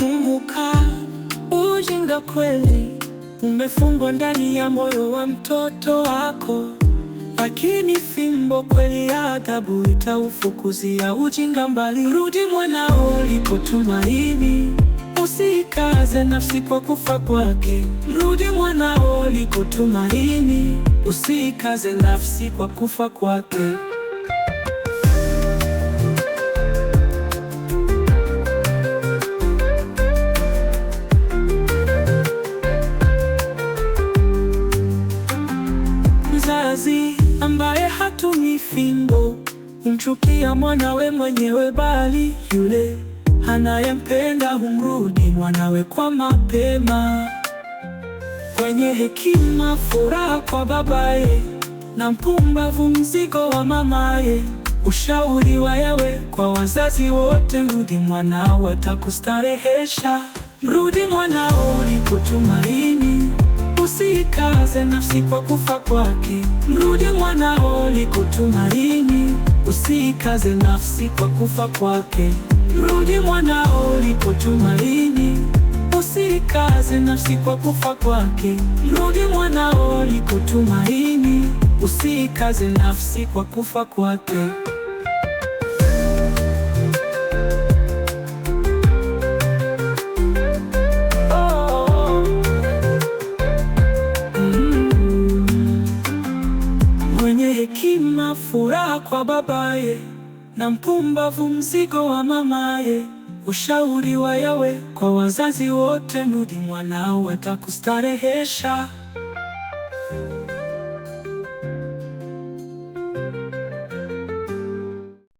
Kumbuka, ujinga kweli umefungwa ndani ya moyo wa mtoto wako, lakini fimbo kweli ya adhabu itaufukuzia ujinga mbali. Rudi mwanao, lipo tumaini, usiikaze nafsi kwa kufa kwake. Rudi mwanao, lipo tumaini, usiikaze nafsi kwa kufa kwake. mzazi ambaye hatumi fimbo kumchukia mwanawe mwenyewe, bali yule anayempenda humrudi mwanawe kwa mapema. Kwenye hekima furaha kwa babaye, na mpumbavu mzigo wa mamaye. Ushauri wa yawe kwa wazazi wote, mrudi mwanao, atakustarehesha. Mrudi mwanao kutumaini. Jikaze nafsi kwa kufa kwake, mrudi mwanao likutumaini. Usikaze nafsi kwa kufa kwake, mrudi mwanao likutumaini. Usikaze nafsi kwa kufa kwake, mrudi mwanao likutumaini. Usikaze nafsi kwa kufa kwake. Furaha kwa babaye na mpumbavu mzigo wa mamaye. Ushauri wa Yawe kwa wazazi wote, mudi mwanao atakustarehesha.